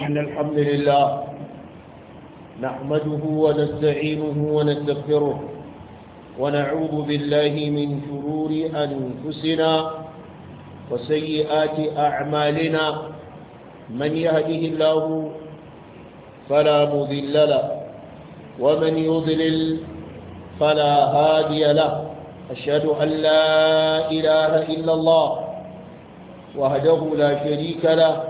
إن الحمد لله نحمده ونستعينه ونستغفره ونعوذ بالله من شرور أنفسنا وسيئات أعمالنا من يهده الله فلا مذل له ومن يضلل فلا هادي له أشهد أن لا إله إلا الله وهده لا شريك له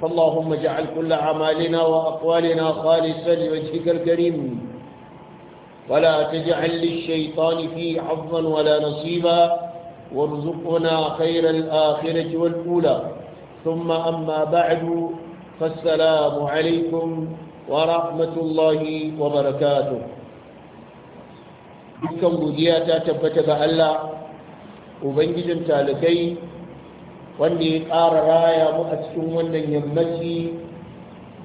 فاللهم اجعل كل اعمالنا وأقوالنا خالصا لوجهك الكريم ولا تجعل للشيطان فيه حظا ولا نصيبا وارزقنا خير الآخرة والأولى ثم أما بعد فالسلام عليكم ورحمة الله وبركاته بكم godiya ta tabbata وبنجد Allah wanda ya ƙara raya mu a cikin wannan yammaci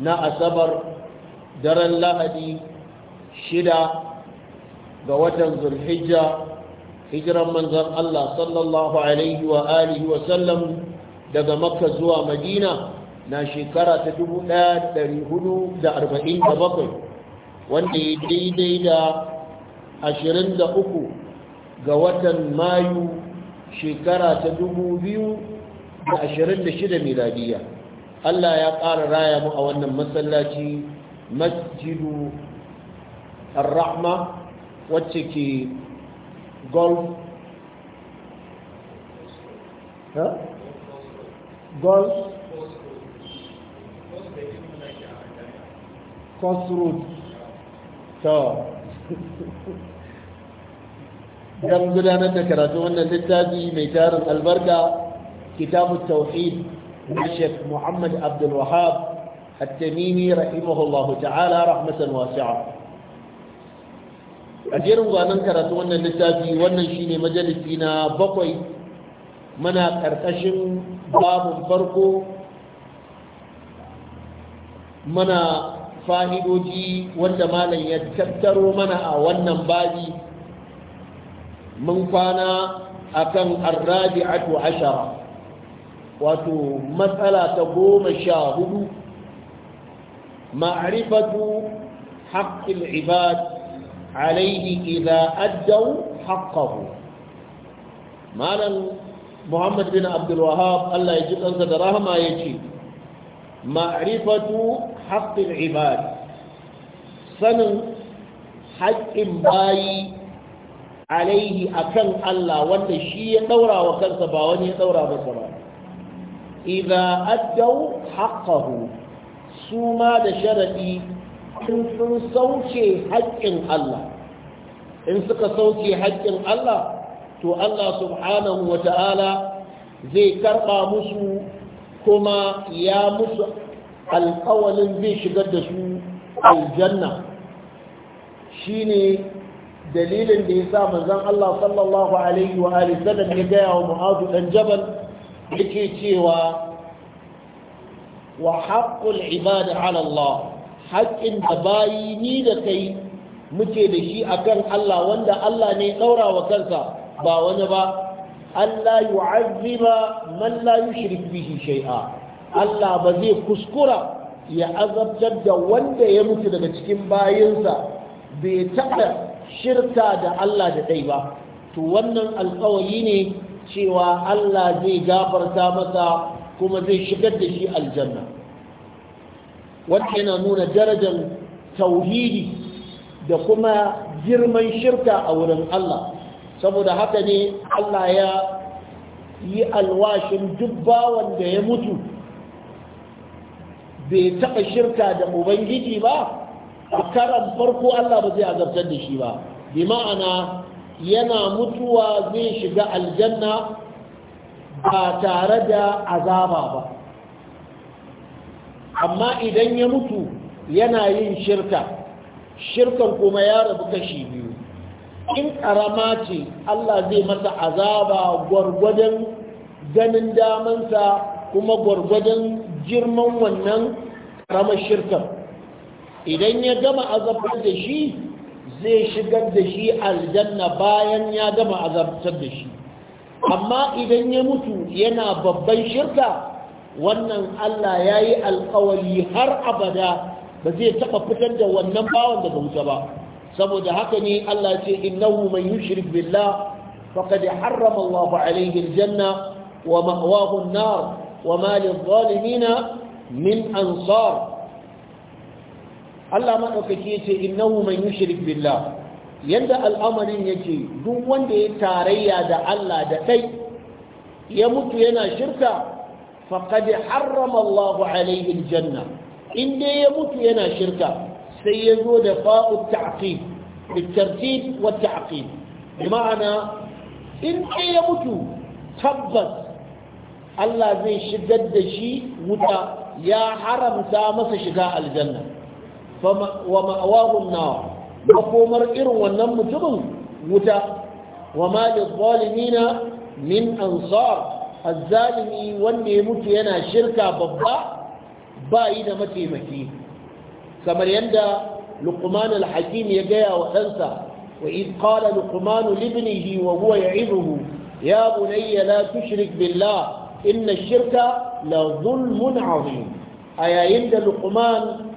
na asabar daren lahadi shida ga watan zulhijja hijiran manzan Allah sallallahu alaihi wa alihi wa sallam daga makka zuwa madina na shekara ta 1447 wanda ya daidai da 23 ga watan mayu shekara ta 2000 2026 miladiya Allah ya ƙara raya mu a wannan masallaci masjidu ar-rahma wacce ke golf golf crossroad to don gudanar da karatu wannan littafi mai tarin albarka كتاب التوحيد الشيخ محمد عبد الوهاب التميمي رحمه الله تعالى رحمة واسعة أجير وانا karatu wannan littafi wannan shine majalisi na bakwai muna karkashin babun farko mana fa'idoji wanda malam ya tattaro mana a wannan babi mun kwana akan arrabi'atu ashara wato matsala ta goma sha hudu ma'arifatu haƙƙin ibad alaihi idza addau haqqahu malam muhammad bin Abdulwahab Allah ya ji kansa da rahama ce. ma'rifatu haƙƙin ibad sanin haƙƙin bayi alaihi akan Allah wanda shi ya ɗaura wa kansa ba wani ya ɗaura masa ba iza addau haqqahu su ma da sharaɗi in sun sauce haƙƙin Allah in suka sauce haƙƙin Allah to Allah subhanahu ta'ala zai karɓa musu kuma ya musu alƙawalin zai shigar da su aljanna shine dalilin da ya sa manzon Allah sallallahu alaihi wa sallam ya gaya wa Mu'adh Ɗanjaban? Jabal yake cewa wa haqqul ibada ala Allah haƙƙin da bayi ni da kai muke da shi akan Allah wanda Allah ne ɗaura wa kansa ba wani ba Allah yu'azziba man la yushrik shai'a Allah ba zai kuskura ya azabtar da wanda ya mutu daga cikin bayansa bai taɓa shirta da Allah da ɗai ba to wannan alƙawari ne cewa Allah zai gafarta masa kuma zai shigar da shi aljanna wanda yana nuna darajar tauhidi da kuma girman shirka a wurin Allah saboda haka ne Allah ya yi alwashin duk bawan da ya mutu bai taɓa shirka da ubangiji ba a karan farko Allah ba zai azabtar da shi ba bi ma'ana yana mutuwa zai shiga aljanna ba tare da azaba ba amma idan ya mutu yana yin shirka shirkan kuma ya rabu kashi biyu in karama ce Allah zai masa azaba gwargwadon ganin damansa kuma gwargwadon girman wannan karamar shirka, idan ya gama azabtar da shi zai shigar da shi aljanna bayan ya gama azabtar da shi amma idan ya mutu yana babban shirka wannan Allah ya yi alkawari har abada ba zai taɓa fitar da wannan bawan daga wuta ba saboda haka ne Allah ce innahu man yushrik billah faqad harrama Allah alayhi aljanna wa ma'wahu an-nar wa ma lil-zalimin min ansar Allah maɗaukaki ya ce innahu man yushrik billah yanda al'amarin yake duk wanda ya tarayya da Allah da ɗai ya mutu yana shirka faqad harrama Allahu alaihi aljanna in dai ya mutu yana shirka sai ya zo da fa'u ta'qib bitartib wa ta'qib bi ma'ana in dai ya mutu tabbas Allah zai shigar da shi wuta ya haramta masa shiga aljanna wa ma'awahun nawa makomar irin wannan mutumin wuta wa ma lizzalimina min ansar azalimi wanda ya mutu yana shirka babba ba yi da mataimaki kamar yadda luqman alhakim ya gaya wa ɗansa wa iz qala luqman libnihi wa huwa ya'iduhu ya bunayya la tushrik billah inna ash-shirka la a 'azim ayayin da luqman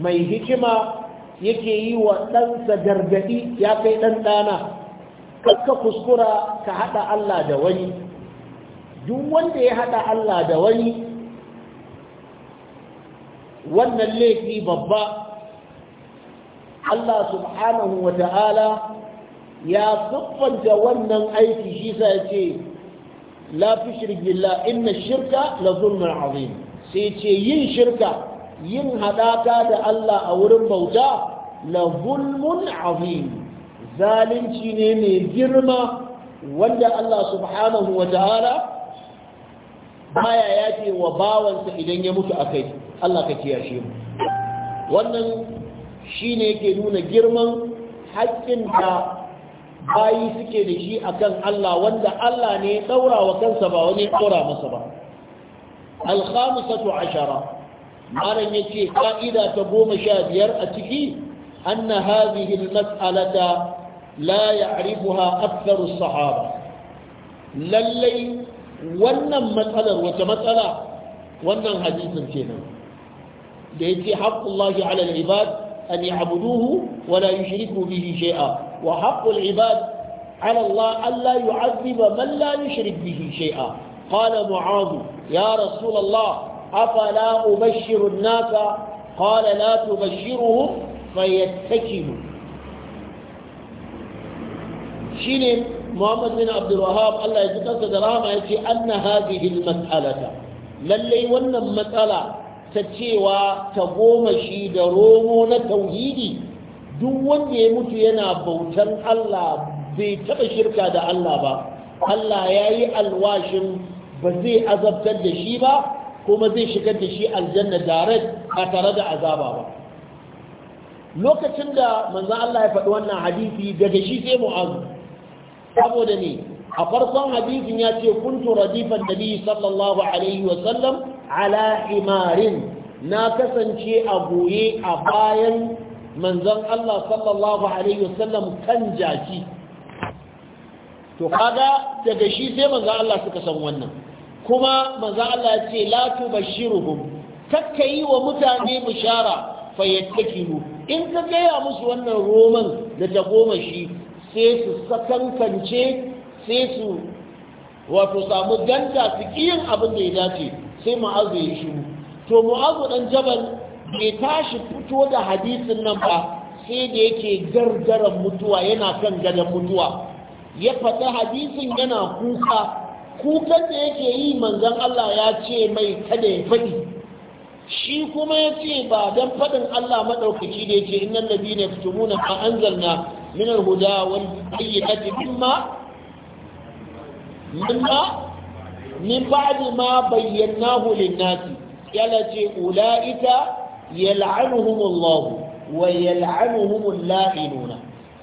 mai hikima yake yi wa ɗansa gargaɗi ya kai ɗanɗana ɗana ka kuskura ka haɗa Allah da wani duk wanda ya haɗa Allah da wani wannan laifi babba Allah subhanahu wa ta'ala ya siffanta wannan aiki shi sa ya ce lafi shirgin la shirka la zulmin azim sai ce yin shirka yin haɗaka da Allah a wurin bauta la zulmun azim zalunci ne mai girma wanda Allah subhanahu wa ta'ala baya yafe wa bawansa idan ya mutu akai Allah ka kiyashe mu wannan shine yake nuna girman haƙƙin da bayi suke da shi akan Allah wanda Allah ne ya daura wa kansa ba wani ya daura masa ba al-khamisatu ashara malam ya ce ka'ida ta goma sha biyar a ciki anna hadhihi mas'alata la ya'rifuha aktharu sahaba lallai wannan matsalar wata matsala wannan hadisin kenan da yake haqqullahi 'ala al-ibad an ya'buduhu wa la yushriku bihi shay'a wa haqqul 'ibad على الله ألا يعذب من لا يشرك به شيئا قال معاذ يا afala ubashiru nasa qala la tubashiruhum fayattakilu shine Muhammad bin Abdul Wahhab Allah ya ji kansa da rahama yace anna hadhihi al-mas'alata lallai wannan matsala ta cewa ta goma shi da romo na tauhidi duk wanda ya mutu yana bautar Allah bai taɓa shirka da Allah ba Allah ya yi alwashin ba zai azabtar da shi ba kuma zai shigar da shi aljanna direct ba tare da azaba ba lokacin da manzo Allah ya faɗi wannan hadisi daga shi sai mu'azu saboda ne a farkon hadisin ya ce kuntu radifan nabi sallallahu alaihi wa sallam ala imarin na kasance a goye a bayan manzon Allah sallallahu alaihi wa sallam kan jaki to kaga daga shi sai manzo Allah suka san wannan kuma manzo Allah ya ce la shiru kakka yi wa mutane bishara mu!' in ka gaya musu wannan roman da ta goma shi sai su sakankance sai su wato samu danta su kiyin abin da ya dace sai mu'azu ya shiru to mu'azu dan jabal bai tashi fito da hadisin nan ba sai da yake gargaran mutuwa yana kan gadon mutuwa ya faɗi hadisin yana kuka kukan da yake yi manzan Allah ya ce mai kada ya faɗi shi kuma ya ce ba don faɗin Allah maɗaukaki da ya ce innan nabi ne fitumuna a an zanna min alhuda wal bayyinati mimma mimma min ni ma bayyana lin-nasi yala ce ulaika yal'anuhumullahu wa yal'anuhumul la'inuna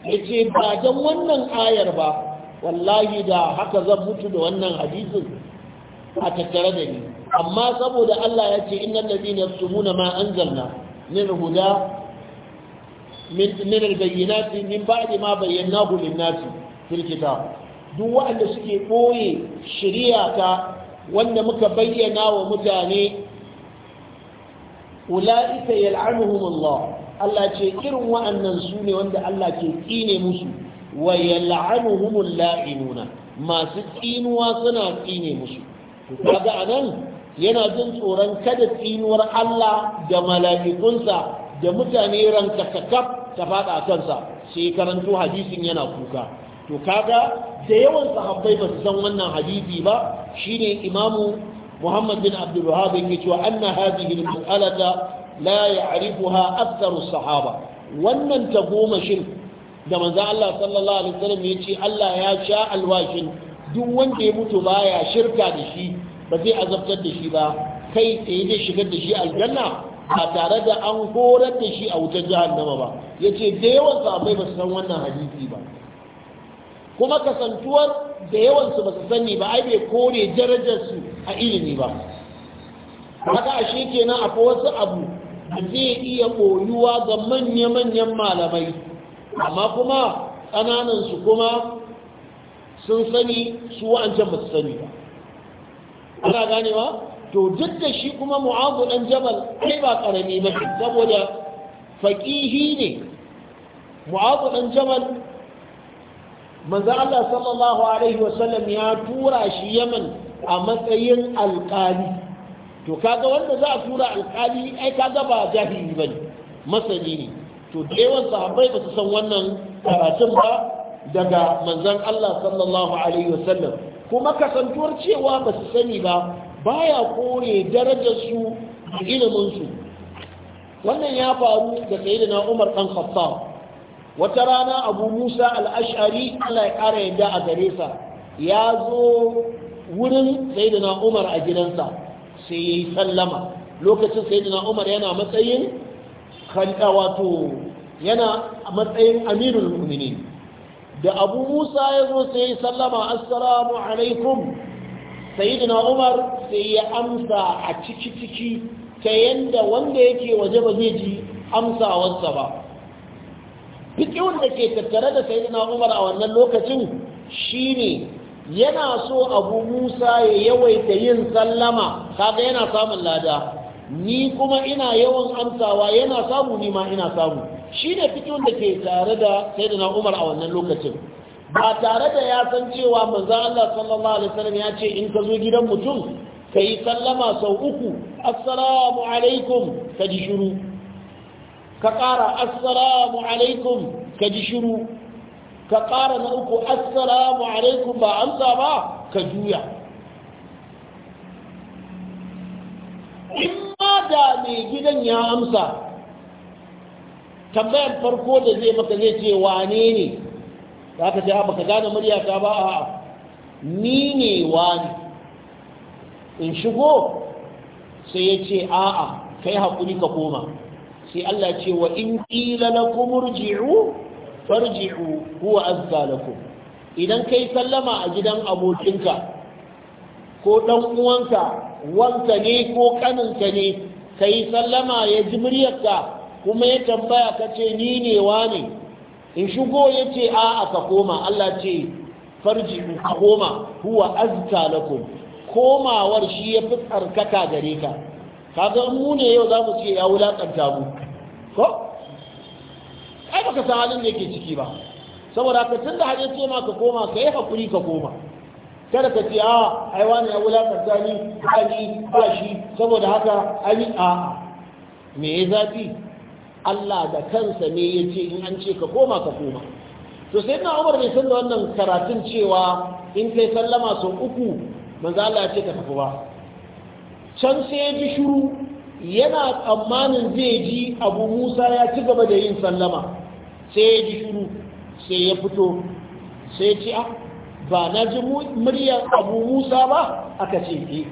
yace ba don wannan ayar ba wallahi da haka zan mutu da wannan hadisin a tattare da ni amma saboda Allah ya ce innal ladina yasumuna ma anzalna min huda min min albayinat min ba'di ma bayyanahu lin-nas fil kitab duk wanda suke ɓoye shari'a ta wanda muka bayyana wa mutane ulaika yal'anuhum Allah Allah ce irin wa'annan su ne wanda Allah ke tsine musu wa yal'anuhumul la'inuna masu tsinuwa suna tsine musu kaga anan yana jin tsoron kada tsinuwar Allah da mala'ikunsa da mutane ranka kakaf ta fada kansa sai karanto hadisin yana kuka to kaga da yawan sahabbai ba su san wannan hadisi ba shine imamu Muhammad bin Abdul Wahhab yake cewa anna hadhihi al-mas'alata la ya'rifuha aktharu sahaba wannan ta tagomashin da manza Allah sallallahu alaihi wasallam ya ce Allah ya sha alwashin duk wanda ya mutu baya shirka da shi ba zai azabtar da shi ba kai tsaye zai shigar da shi aljanna ba tare da an horar da shi a wutar jahannama ba ya ce da yawan sahabbai ba su san wannan hadisi ba kuma kasantuwar da yawansu ba su sani ba ai bai kore darajarsu a ilimi ba haka ashe kenan akwai wasu abu da zai iya koyuwa ga manya-manyan malamai amma kuma su kuma sun sani su wa'ancan ba su sani ba ana ganewa to duk da shi kuma mu'azu dan jabal kai ba karami ba saboda faqihi ne mu'azu dan jabal manzo Allah sallallahu alaihi wasallam ya tura shi Yaman a matsayin alƙali to kaga wanda za a tura alƙali ai kaga ba jahili bane masani ne to da yawan sahabbai ba su san wannan karatun ba daga manzan Allah sallallahu alaihi wasallam kuma kasantuwar cewa ba su sani ba baya kore darajarsu ilimin su wannan ya faru da sayyidina Umar dan Khattab wata rana Abu Musa al-Ash'ari Allah ya kara yadda a gare sa ya zo wurin sayyidina Umar a gidansa sai yayi sallama lokacin sayyidina Umar yana matsayin kan wato yana a matsayin amirul mu'mini da abu musa ya zo sai sallama assalamu alaikum sayyidina umar sai ya amsa a ciki-ciki ta yanda wanda yake waje ba zai ji amsawarsa ba duk da ke tattare da sayyidina umar a wannan lokacin shine yana so abu musa ya yawaita yin sallama kaga yana samun lada ni kuma ina yawan amsawa yana samu ni ma ina samu shi ne fito da ke tare da sayyidina umar a wannan lokacin ba tare da ya san cewa manzan Allah sallallahu alaihi wasallam ya ce in ka zo gidan mutum ka yi sallama sau uku assalamu alaikum ka ji shiru ka ƙara assalamu alaikum ka ji shiru ka ƙara na uku assalamu alaikum ba amsa ba ka juya in ma da mai gidan ya amsa tambayar farko da zai maka zai ce wane ne za ka ce ah, baka gane muryata ba a ni ne wani in shigo sai ya ce a'a kai haƙuri ka koma sai Allah ce wa in ƙila na far ji'u kuwa azza lakum idan yi sallama a gidan abokinka ko ɗan uwanka wanka ne ko ƙaninka ne ka yi sallama ya ji muryarka kuma ya tambaya ka ce ni ne ne in shigo ya ce a'a ka koma Allah ce farji ka koma huwa azka lakum komawar shi ya fi tsarkaka gare ka kaga mu ne yau za mu ce ya wulaƙanta mu ko ai baka san halin da yake ciki ba saboda ka tun da hajjar ma ka koma ka yi haƙuri ka koma kada ka ce a ai wani ya wulaƙanta ni ba ni ba shi saboda haka an a me ya zafi Allah da kansa ne ya ce in an ce ka koma ka koma to sai na umar bai san da wannan karatun cewa in kai sallama sau uku manzo Allah ya ce ka tafi ba can sai ya ji shuru yana tsammanin zai ji abu musa ya ci gaba da yin sallama sai ya ji shuru sai ya fito sai ya ce a ah, ba na ji muryar abu musa ba aka ce eh.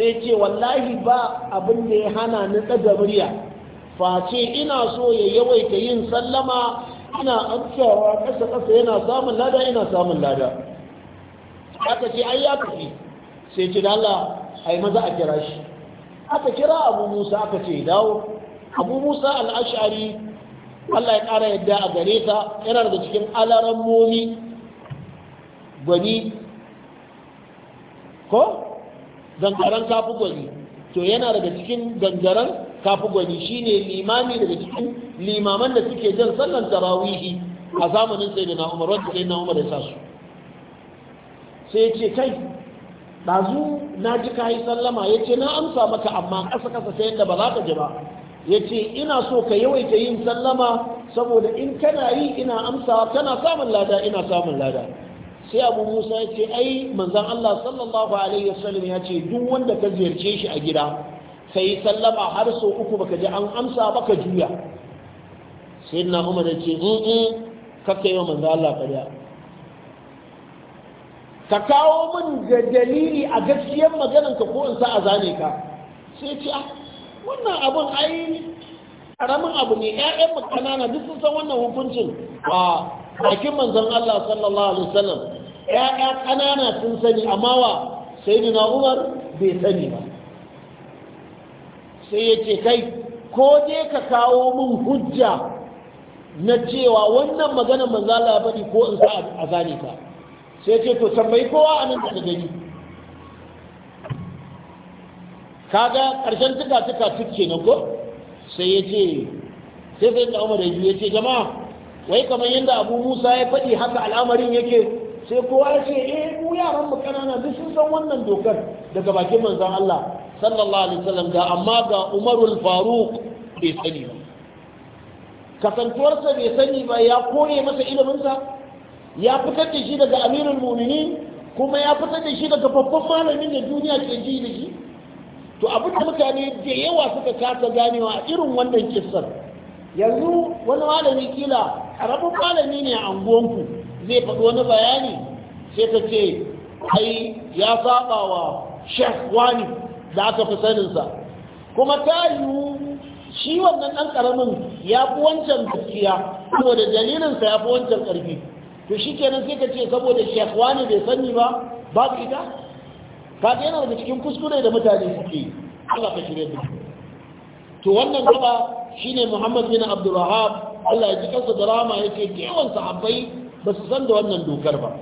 sai ce wallahi ba abin da ya hana ni tsada murya face ina so ya yawaita yin sallama ina amsawa ƙasa ƙasa yana samun lada ina samun lada aka ce ai ya tafi sai ce da Allah ai maza a kira shi aka kira Abu Musa aka ce dawo Abu Musa al'ashari Allah ya ƙara yadda a gare ta yana daga cikin alaran momi gwani ko gangaren kafi gwani to yana daga cikin gangaren kafi gwani shine limami daga cikin limaman da suke jan sallan tarawihi a zamanin sayyidina Umar wanda sayyidina Umar ya sa su sai ya ce kai ɗazu na ji ka yi sallama ya ce na amsa maka amma ƙasa ƙasa sai yadda ba za ka ji ba ya ce ina so ka yawaita yin sallama saboda in kana yi ina amsawa kana samun lada ina samun lada sai abu musa ya ce ai manzan allah sallallahu alaihi wasallam ya ce duk wanda ka ziyarce shi a gida ka yi sallama har sau uku baka ji an amsa baka juya sai na umar ya ce mm, mm, kakka yi wa manzo Allah kariya ka kawo min da dalili a gaskiyar maganar ka ko in sa a zane ka sai ce ah, wannan abun ai karamin abu ne ƴaƴan mu ƙanana duk sun san wannan hukuncin a bakin manzon Allah sallallahu alaihi wasallam ƴaƴa kanana sun sani amma wa sayyidina Umar bai sani ba sai ya ce kai ko je ka kawo min hujja na cewa wannan maganar manzo Allah ya faɗi ko in sa a zane ka sai ce to tambayi kowa anan da gani kaga karshen tuka tuka tukke na ko sai ya ce sai sai da Umar ya ce jama'a wai kamar yadda Abu Musa ya faɗi haka al'amarin yake sai kowa ya ce eh mu yaran mu kanana duk sun san wannan dokar daga bakin manzon Allah sallallahu alaihi wasallam da amma ga umarul faruk bai sani ba kasantuwarsa bai sani ba ya koye masa iliminsa ya fitar da shi daga amirul mumini kuma ya fitar da shi daga babban malamin da duniya ke ji da shi to abin da mutane da yawa suka kasa ganewa a irin wannan kissar yanzu wani malami kila karamin malami ne a anguwanku zai faɗi wani bayani sai ta ce ai ya saba wa shekh wani da aka fi saninsa kuma ta yiwu shi wannan ɗan ƙaramin ya fi wancan gaskiya saboda dalilinsa ya fi wancan ƙarfi to shi kenan sai ka ce saboda shekwa ne bai sani ba ba su ita ka ga yana daga cikin kuskure da mutane suke Allah ka shirya da to wannan gaba shine Muhammad bin Abdul Allah ya ji kansa da rama yake kewan sahabbai ba su san da wannan dokar ba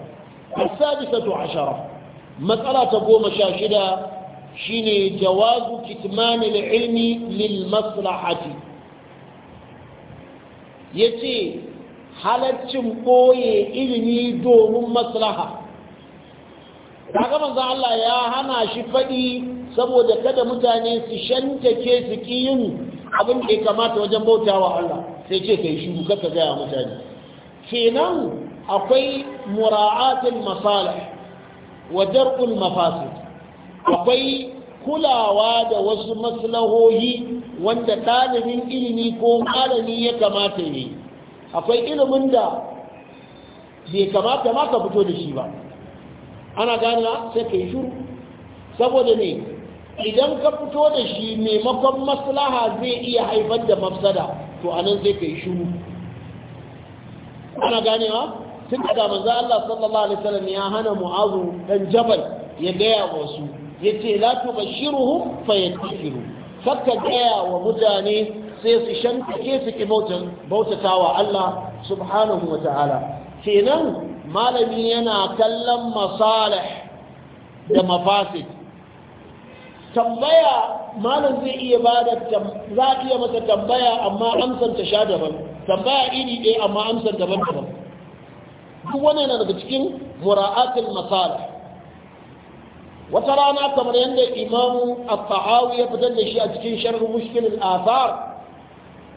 السادسة عشرة مسألة sha شاشدة shine jawazu kitman ilmi lil maslahati yace halaccin koye ilimi domin maslaha daga manzo Allah ya hana shi fadi saboda kada mutane su shantake su kiyin abin da ya kamata wajen bautawa Allah sai ce kai shi ka gaya mutane kenan akwai mura'atul masalih wa dar'ul mafasid akwai kulawa da wasu maslahohi wanda ɗalibin ilimi ko malami ya kamata ne. akwai ilimin da bai kamata ma ka fito da shi ba ana ganewa sai ka yi shuru saboda ne idan ka fito da shi maimakon maslaha zai iya haifar da mafsada to anan zai ka yi shuru ana ganewa tun da damar Allah sallallahu alaihi wasallam ya hana mu'azu dan jabal ya gaya wasu yace la tubashiruhum fayakufiru fakka gaya wa mutane sai su shantake su ki wa Allah subhanahu wa ta'ala kenan malami yana kallon masalih da mafasid tambaya malam zai iya bada za a iya masa tambaya amma amsar ta sha daban tambaya iri ɗaya amma amsar daban daban duk wannan daga cikin mura'atul masalih wata rana kamar yadda imam al-tahawi ya fitar da shi a cikin sharh mushkil al-athar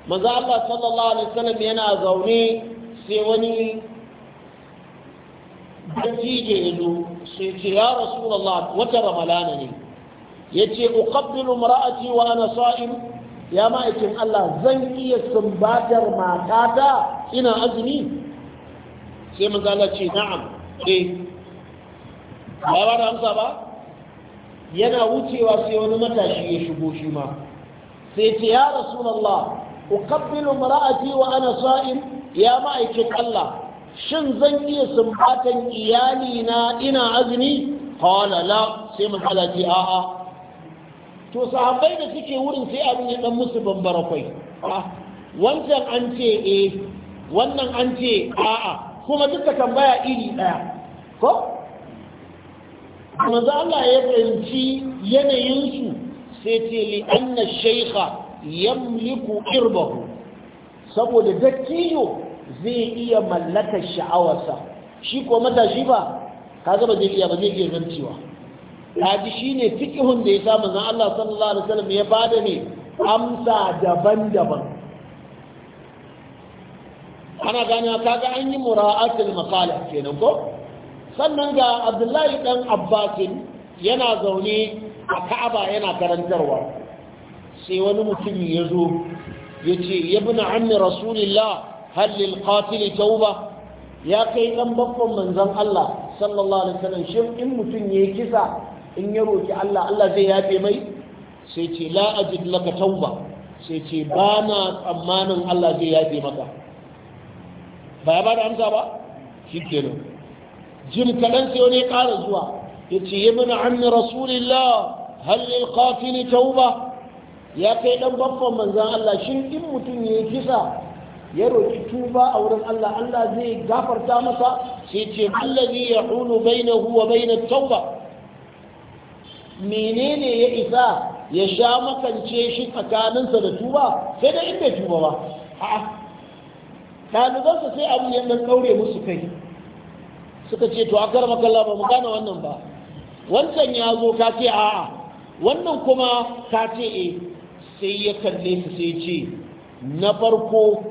manzo Allah sallallahu alaihi wasallam yana zaune sai wani dattijo ya zo sai ce ya rasulullah wata ramalana ne yace uqabbilu mar'ati wa ana sa'im ya ma'aikin Allah zan iya sumbatar matata ina azumi sai manzo Allah ce na'am eh ba ba da amsa ba yana wucewa sai wani matashi ya shigo shi ma sai ce ya rasulallah uqabbilu mar'ati wa ana sa'im ya ma'aikin Allah shin zan iya sumbatan iyali na ina azumi qala la sai mun halaji a'a to sahabbai da suke wurin sai abin ya dan musu bambara kai ah, wancan an ce eh wannan an ce a'a kuma duka tambaya iri daya ko maza Allah ya fahimci yanayinsu sai ce li anna shaykha yamliku irbahu saboda dattijo zai iya mallakar sha'awarsa shi kuwa matashi ba ka ba zai iya ba zai iya zancewa kaji shine fiqhun da ya sa manzo Allah sallallahu alaihi wasallam ya bada ne amsa daban-daban ana gani kaga an yi mura'atul maqala kenan ko sannan ga abdullahi ɗan abbasin yana zaune a ka'aba yana karantarwa sai wani mutum ya zo ya ce ya bi na ammi rasulillah hallil tauba ya kai ɗan babban manzan Allah sallallahu alaihi wasallam shin in mutum yayi kisa in ya roki Allah Allah zai yafe mai sai ce la ajid laka tauba sai ce ba na tsammanin Allah zai yafe maka ba ya ba da amsa ba shikenan jim kaɗan sai wani ƙara zuwa ya ce yi mana amni rasulillah halil ta tauba ya kai ɗan babban manzan Allah shin in mutum ya kisa ya roki tuba a wurin Allah Allah zai gafarta masa sai ce allazi na huwa bai na tauba menene ya isa ya sha makance shi tsakaninsa da tuba sai da inda tuba ba a'a ɗalibansa sai abu ya ɗan ɗaure musu kai suka ce to akar makalla ba mu gane wannan ba wancan ya zo ka ce a'a wannan kuma ka ce e sai ya kalle su sai ce na farko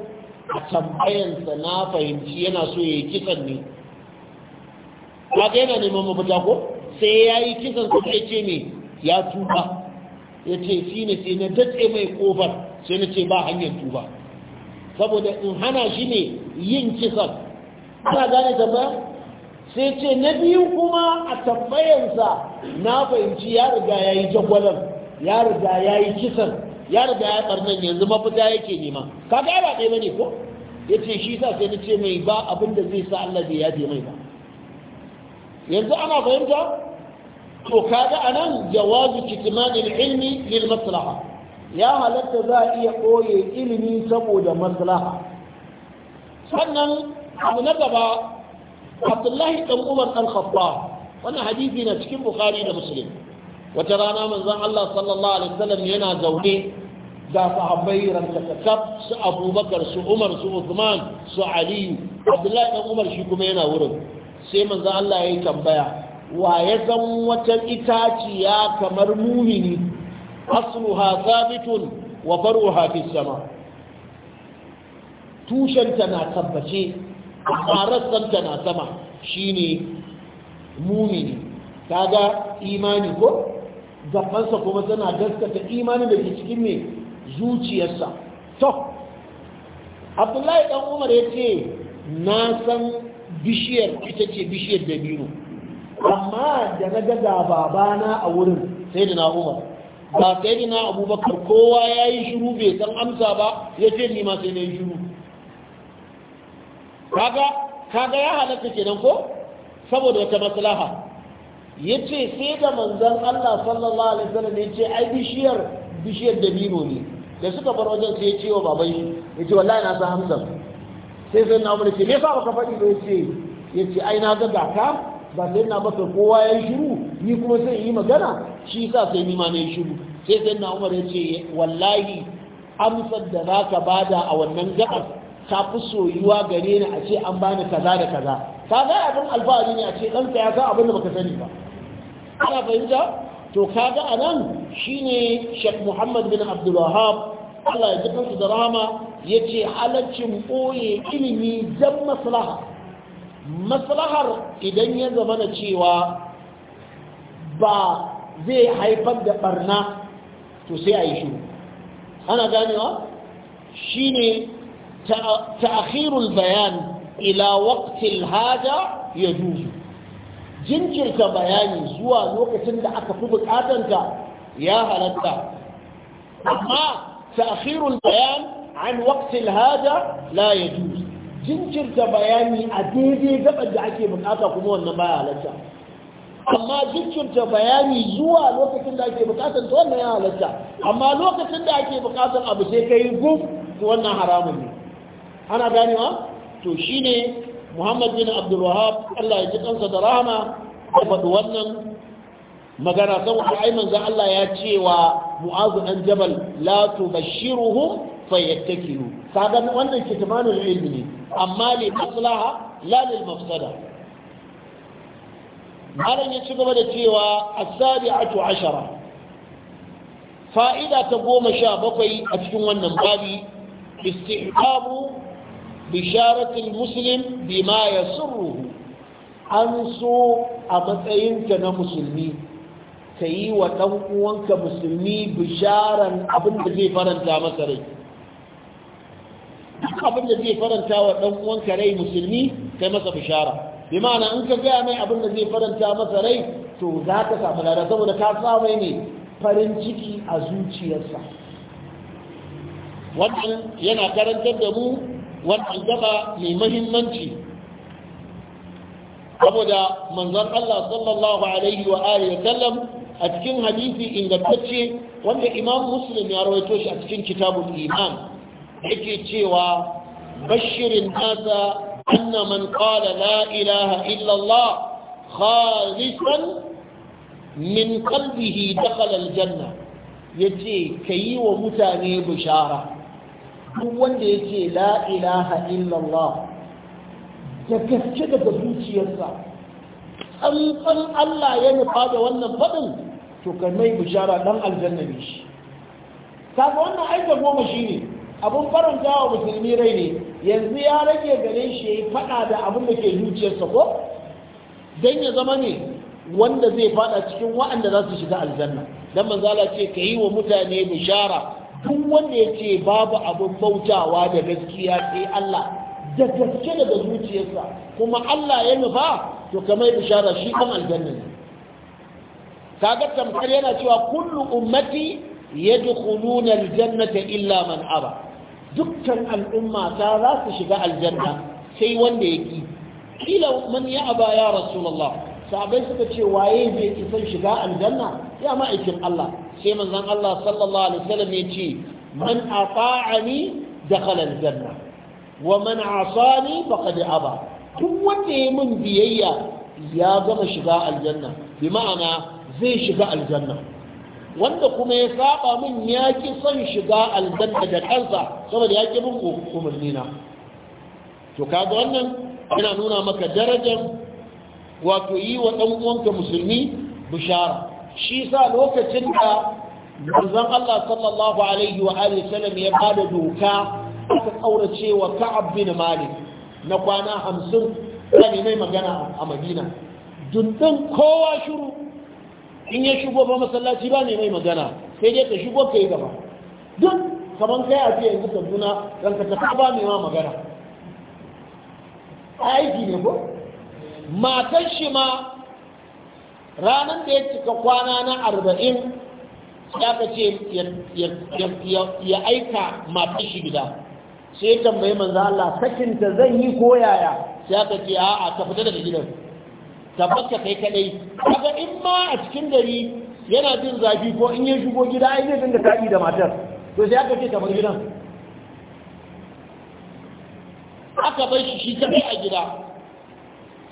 a tambayansa na fahimci yana so ya yi kisan ne kaga yana neman mafita ko sai ya yi kisan su ya ce ne ya tuba ya ce shi ne sai na datse mai kofar sai na ce ba hanyar tuba saboda in hana shi ne yin kisan ana gane tambaya sai ce na biyu kuma a tambayansa na fahimci ya riga ya yi jagwalar ya riga ya yi kisan ya riga ya ɓarnan yanzu mafita yake nema kaga ya ba ɗaya bane ko ya ce shi sa sai na ce mai ba abin da zai sa Allah bai yafe mai ba yanzu ana fahimta to a anan jawazu kitmanil ilmi lil maslaha ya halatta za a iya ɓoye ilimi saboda maslaha sannan abu na gaba abdullahi dan umar dan khattab wannan hadisi na cikin bukhari da muslim wata rana manzon Allah sallallahu alaihi wasallam yana zaune da sahabbai rankatakab su abubakar su umar su uthman su ali abdullahi dan umar shi kuma yana wurin sai manzon Allah ya yi tambaya wa ya san wata itaciya kamar mumini asluha thabitun wa faruha sama tushenta na tabbace amma rassanta na sama shi ne mumini ga imani ko zafansa kuma tana gaskata imani da ke cikin mai zuciyarsa to abdullahi dan umar ya ce na san bishiyar ita ce bishiyar da biyu. amma da na gaza babana a wurin sai da na umar ba sai da na abubakar kowa ya yi shiru bai san amsa ba ya ce ni ma sai na yi shiru kaga kaga ya halatta kenan ko saboda wata maslaha yace sai da manzon Allah sallallahu alaihi wasallam yace ai bishiyar bishiyar dabino ne da suka bar wajen sai ya ce wa baban shi yace wallahi na san Hamza sai sai na umar ce me yasa baka faɗi ba yace yace ai na ga gaka ba sai na baka kowa ya shiru ni kuma sai yi magana shi sa sai ni ma yi shiru sai sai na umar yace wallahi amsar da zaka bada a wannan gabar ta fi soyuwa gare ni a ce an bani kaza da kaza kaga abin alfahari ne a ce ɗanka ya san abin da baka sani ba ana fahimta to kaga a nan shine Sheikh Muhammad bin Abdulwahab, Allah ya ji kansu da ya yace halaccin ɓoye ilimi don maslaha maslahar idan ya zama cewa ba zai haifar da barna to sai a yi shi ana ganewa shine تأخير البيان إلى وقت الحاجة يجوز jinkirta bayani zuwa lokacin da aka fi bukatanka ya halatta amma ta'khirul bayan an waqtil hada la yajuz jinkirta bayani a daidai gaban da ake bukata kuma wannan baya halatta amma jinkirta bayani zuwa lokacin da ake bukatan wannan ya halatta amma lokacin da ake bukatan abu sai kai gum wannan haramun ana ganewa to shine muhammad bin abdulwahab Allah ya ji kansa da rahama ya faɗi wannan magana saboda ai za Allah ya ce wa mu'azu dan jabal la tubashshiruhum fayattakilu kaga wannan kitmanul ilmi ne amma li maslaha la lil mafsada malam ya ci gaba da cewa as-sabi'atu ashara fa'ida ta goma sha bakwai a cikin wannan babi istihbabu bisharatul muslim bima yasurruhu an so a matsayinka na musulmi ka yi wa ɗan uwanka musulmi bisharan abin da zai faranta masa rai duk abin da zai faranta wa ɗan uwanka rai musulmi kai masa bishara bi ma'ana in ka gaya mai abin da zai faranta masa rai to za ka samu saboda ka samai ne farin ciki a zuciyarsa wannan yana karantar da mu wannan gaba mai mahimmanci saboda manzon Allah sallallahu alaihi wa alihi wa sallam a cikin hadisi ingantacce wanda imam muslim ya rawaito shi a cikin kitabul iman yake cewa bashirin nasa anna man qala la ilaha illa Allah khalisan min qalbihi dakhala aljanna yace kayi wa mutane bishara duk wanda ya ce la illallah da gaske daga zuciyarsa tsantsan Allah ya nufa da wannan faɗin to ka mai bishara dan aljanna ne shi kaga wannan aikin goma ne, abun faranta wa musulmi rai ne yanzu ya rage gare shi ya yi faɗa da abin da ke zuciyarsa ko don ya zama ne wanda zai faɗa cikin waɗanda za su shiga aljanna dan manzala ce ka yi wa mutane bishara duk wanda ya ce babu abin bautawa da gaskiya sai Allah da gaske daga zuciyarsa kuma Allah ya nufa to kamar bishara shi kan aljanna ne kaga tamkar yana cewa kullu ummati yadkhuluna aljannata illa man aba dukkan al'umma ta za su shiga aljanna sai wanda yake kila man ya aba ya rasulullah sahabai suka ce waye bai isan shiga aljanna ya ma'aikin Allah sai manzon Allah sallallahu alaihi wasallam ya ce man ata'ani dakhala aljanna wa man asani faqad aba duk wanda ya min biyayya ya gama shiga aljanna bi ma'ana zai shiga aljanna wanda kuma ya saba min ya ki son shiga aljanna da kansa saboda ya ki bin umarni to kaga wannan yana nuna maka darajar wato yi wa ɗan uwanka musulmi bishara shi sa lokacin da manzon Allah sallallahu alaihi wa sallam ya bada doka aka kaurace wa Ka'ab bin Malik na kwana 50 kan mai magana a Madina dundun kowa shiru in ya shigo ba masallaci ba ne mai magana sai dai ka shigo kai gaba duk kaman kai a ce yanzu Kaduna ranka ta ba mai ma magana aiki ne ko matan shi ma ranar da ya cika kwana na arba'in ya ka ce ya aika matan shi gida sai ya tambayi manzo Allah sakinta zan yi ko yaya sai aka ce a'a ka fita daga gidan tabbata kai kadai kaga in ma a cikin gari yana jin zafi ko in ya shigo gida ai zai dinga taɗi da matar to sai aka ce ta bar gidan aka bar shi shi kadai a gida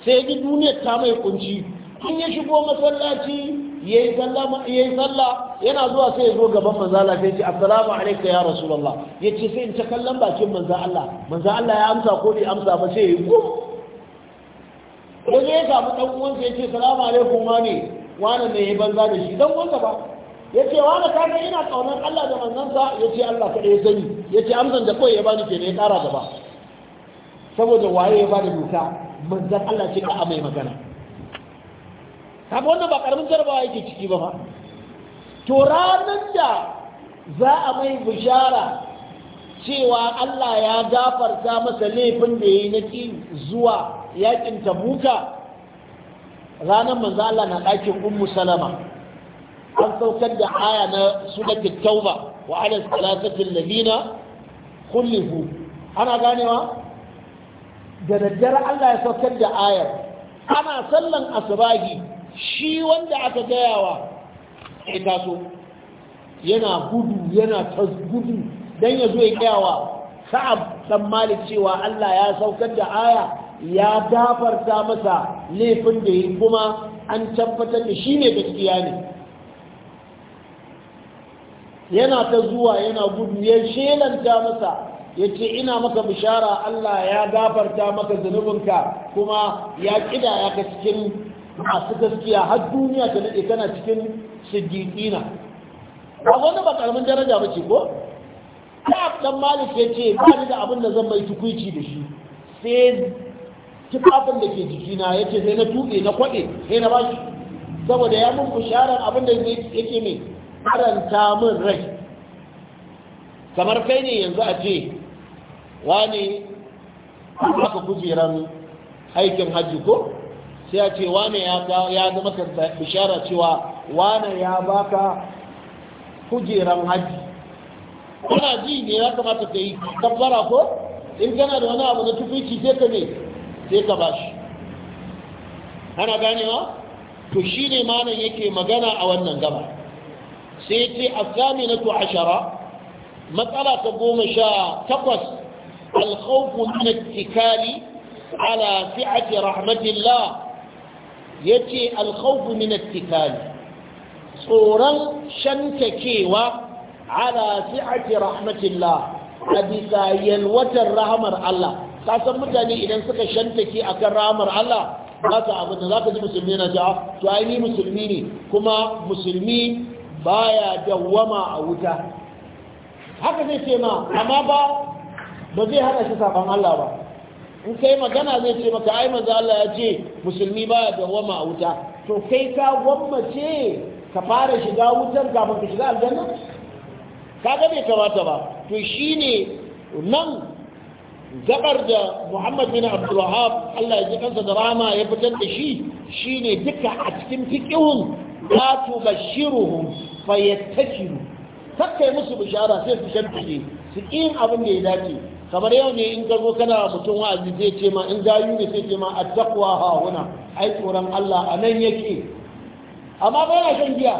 sai ji duniyar ta mai kunci in ya shigo masallaci ya yi sallah yana zuwa sai ya zo gaban manzo Allah sai ce assalamu alayka ya rasulullah ya ce sai in ta kallon bakin manza Allah Manza Allah ya amsa ko bai amsa ba sai ya yi gum wani ya samu dan uwansa ya ce salamu alaikum wane wani ne ya banza da shi dan uwansa ba ya ce wani ka ga ina kaunar Allah da manzansa ya ce Allah ka ya sani ya ce amsan da kawai ya bani ke ne ya ƙara gaba saboda waye ya bada doka manzan Allah ce ka amai magana kaga wannan ba karamin jarabawa yake ciki ba fa to ranar da za a mai bishara cewa Allah ya gafarta masa laifin da ya yi na ƙi zuwa yakin buka ranar manzo Allah na ɗakin ummu salama an saukar da aya na suratul tauba wa ala salatatil ladina kullihu ana ganewa da daddare Allah ya saukar da ayar ana sallan asubahi shi wanda aka gayawa ya taso yana gudu yana tasgudu dan ya zo ya gayawa sa'ab dan malik cewa Allah ya saukar da aya ya dafarta masa laifin da yi kuma an tabbatar da shi ne gaskiya ne yana ta zuwa yana gudu ya shelanta masa yace ina maka bishara Allah ya gafarta maka zunubinka kuma ya ya ka cikin masu gaskiya har duniya ta nade kana cikin siddiqina ba wani ba karamin daraja ba ce ko kaf dan Malik yace ba ni da abin da zan mai tukuici da shi sai tufafin da ke jikina yace sai na tuke na kwaɗe sai na bashi saboda ya mun bisharar abin da yake mai karanta min rai kamar kai ne yanzu a ce wani aka kujeran aikin hajji ko sai a ce wane ya ga maka bishara cewa wane ya baka kujeran hajji kuna ji ne ya kamata ka yi tabbara ko in gana da wani abu na tufici sai ka ne sai ka bashi ana ganewa to shi ne malam yake magana a wannan gaba sai ce a na ashara matsala ta goma sha takwas الخوف من الاتكال على سعة رحمة الله يتي الخوف من الاتكال صورا شنتكيوة على سعة رحمة الله أبسا يلوتر رحمة الله kasan mutane idan suka shantake akan ramar Allah ba ta abin da za ka ji musulmi na ja to ni musulmi ne kuma musulmi baya dawwama a wuta haka zai ce ma amma ba ba zai hana shi saban Allah ba in kai magana zai ce maka ai manzo Allah ya ce musulmi baya wama a wuta to kai ka gwammace ka fara shiga wutan kafin ka shiga aljanna ga bai kamata ba to shine nan gabar da Muhammad bin Abdul Wahhab Allah ya ji kansa da rama ya fitar da shi shine duka a cikin fiqhun la tubashshiruhum fayattakiru kakkai musu bishara sai su shantake su kin abin da ya dace kamar yau ne in ka zo kana mutum wa'azi zai ce ma in gayu ne sai ce ma attaqwa hauna ai tsoron Allah a nan yake amma ba yana shan giya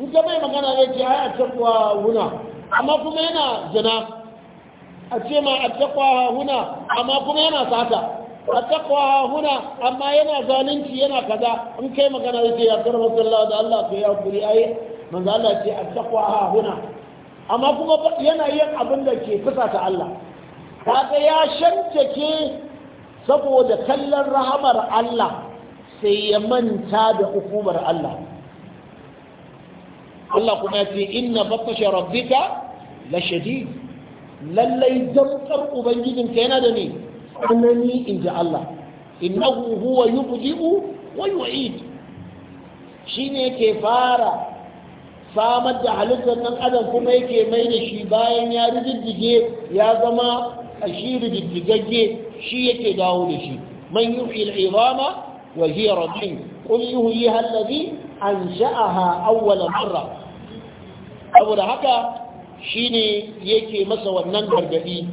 in ka bai magana zai ce ai attaqwa huna amma kuma yana zina a ce ma attaqwa huna amma kuma yana sata a takwa huna amma yana zalunci yana kaza in kai magana ce ya karba sallah da Allah ka ya kuri ai manzo Allah ce a takwa huna amma kuma yana yin abin da ke fusa ta Allah kaga ya shantake saboda kallon rahamar Allah sai ya manta da hukumar Allah Allah kuma ya ce inna batasha rabbika la shadid lallai damkar ubangijinka yana da ne tsanani in ji Allah innahu huwa yubdi'u wa yu'id shine ke fara samar da halittar nan adam kuma yake mai da shi bayan ya rijiddige ya zama a shi shi yake dawo da shi man yuhi al'izama wa hiya rabin qul yuhyiha allazi ansha'aha awwala marra saboda haka shine yake masa wannan gargadi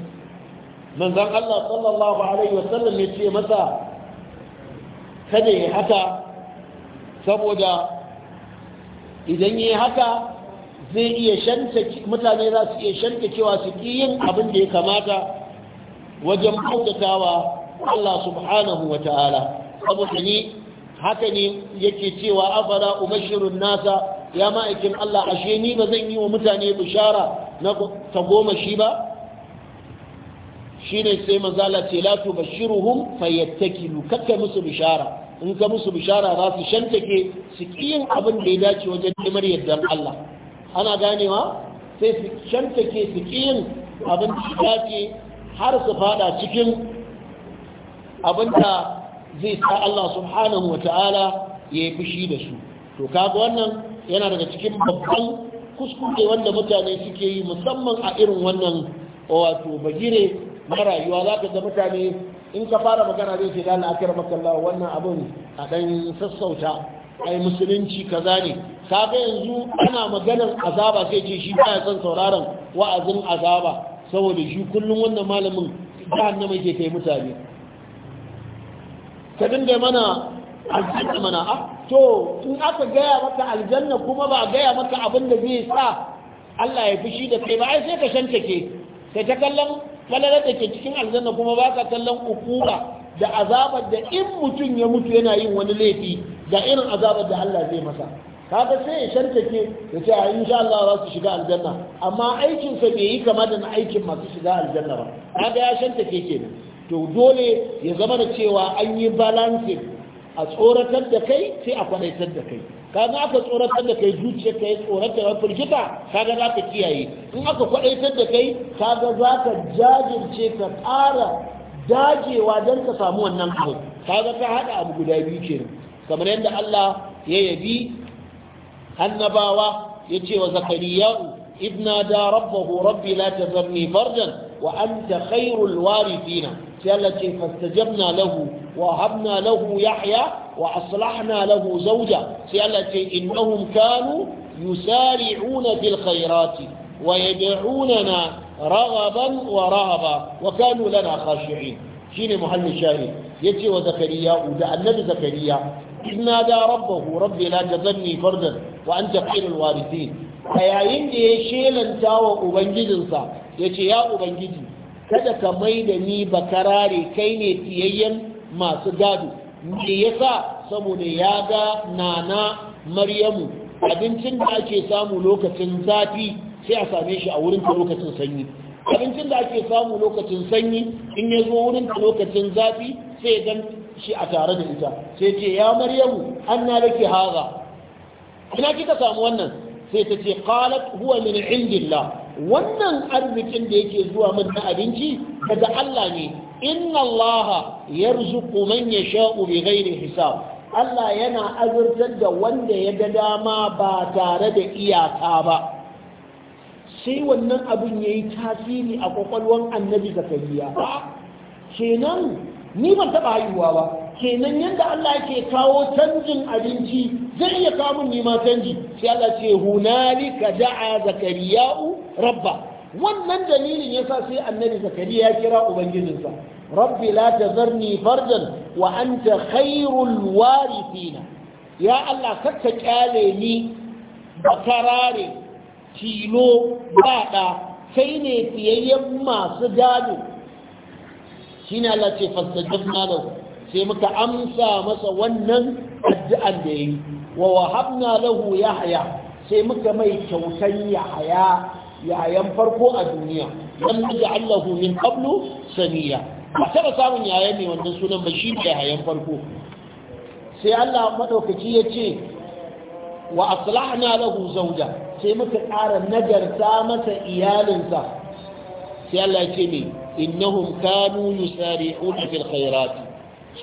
manzon Allah sallallahu alaihi wasallam yace masa kada ya haka saboda idan yi haka zai iya shanta mutane za su iya shanta cewa su ki yin abin da ya kamata wajen bautatawa Allah subhanahu wa ta'ala saboda ni haka ne yake cewa afara umashirun nasa ya ma'aikin Allah ashe ni ba zan yi wa mutane bishara na ta goma shi ba shine sai manzala ce la tubashiruhum fayattakilu kakka musu bishara in ka musu bishara za su shantake su kiyin abin da ya dace wajen neman yardar Allah ana ganewa sai su shantake su kiyin abin da ya dace har su fada cikin abinda zai sa Allah subhanahu wata'ala ya yi fushi da su to kaga wannan yana daga cikin babban kuskure wanda mutane suke yi musamman a irin wannan wato bagire na rayuwa za ka ga mutane in ka fara magana zai ce dana akira makalla wannan abin a ɗan sassauta ai musulunci kaza ne kaga yanzu ana maganar azaba sai ce shi ya son sauraron wa'azin azaba saboda shi kullum wannan malamin mai ke kai mutane ka mana aljanna mana a ah, to in aka gaya maka aljanna kuma ba a gaya maka abin da zai sa Allah ya fushi da kai ba ai sai ka shantake kai ta kallon falalar da ke cikin aljanna kuma ba ka kallon ukura da azabar da in mutum ya mutu yana yin wani laifi ga irin azabar da Allah zai masa kaga sai ya shantake ya ce a insha Allah za su shiga aljanna amma aikinsa bai yi kama da na aikin masu shiga aljanna ba kaga ya shantake kenan to dole ya zama da cewa an yi balancing a tsoratar da kai sai a kwanaitar da kai kaga aka tsoratar da kai zuciya kai tsoratar da firgita kaga za ka kiyaye in aka kwanaitar da kai kaga za ka jajirce ka ƙara dajewa don ka samu wannan abu kaga ka haɗa abu guda biyu kenan kamar yadda Allah ya yabi annabawa ya ce wa zakariya'u ibna da rabbahu rabbi la tazarni fardan wa anta khairul warithina sai Allah ce fastajabna lahu wa habna lahu yahya wa aslahna lahu zawja sai Allah ce innahum kanu yusari'una fil khairati wa yad'unana wa ورهبا وكانوا لنا خاشعين شيني محل الشاهد يجي وزكريا ودا النبي زكريا إذ نادى ربه rabbi la تذرني فردا wa anta khairul a yayin da ya shelanta wa ubangijinsa ya ce ya ubangiji kada ka mai da ni bakarare kai ne tiyayyen masu gado me sa, saboda ya ga nana maryamu abincin da ake samu lokacin zafi sai a same shi a wurin lokacin sanyi abincin da ake samu lokacin sanyi in ya zo wurin lokacin zafi sai gan shi a tare da ita sai ce ya maryamu an na lake haza ina kika samu wannan sai ta ce qalat huwa min indillah wannan arzikin da yake zuwa min na abinci daga Allah ne inna Allah yarzuqu man yasha'u da hisab Allah yana azurtar da wanda ya ga dama ba tare da iyaka ba sai wannan abin ya yi tasiri a kwakwalwan annabi zakariya kenan ni ban taɓa haihuwa ba kenan yadda Allah ke kawo canjin abinci zai iya kamun nima canji sai Allah ce hunalika da'a rabba wannan dalilin yasa sai annabi zakariya ya kira ubangijinsa rabbi la tazarni fardan wa anta khairul warithina ya Allah kakka kyale ni bakarare tilo bada sai ne fiyayyen masu gado shine Allah ce fastajabna lahu sai muka amsa masa wannan addu'an da yayi wa wahabna lahu yahya sai muka mai kyautan yahya yayan farko a duniya lam naj'alahu min qablu saniya ba taba samun yayan ne wannan sunan ba shi ne yayan farko sai Allah madaukaki ya ce wa aslahna lahu zawja sai muka ƙara nagarta masa iyalinsa sai Allah ya ce ne innahum kanu yusari'una fil khairat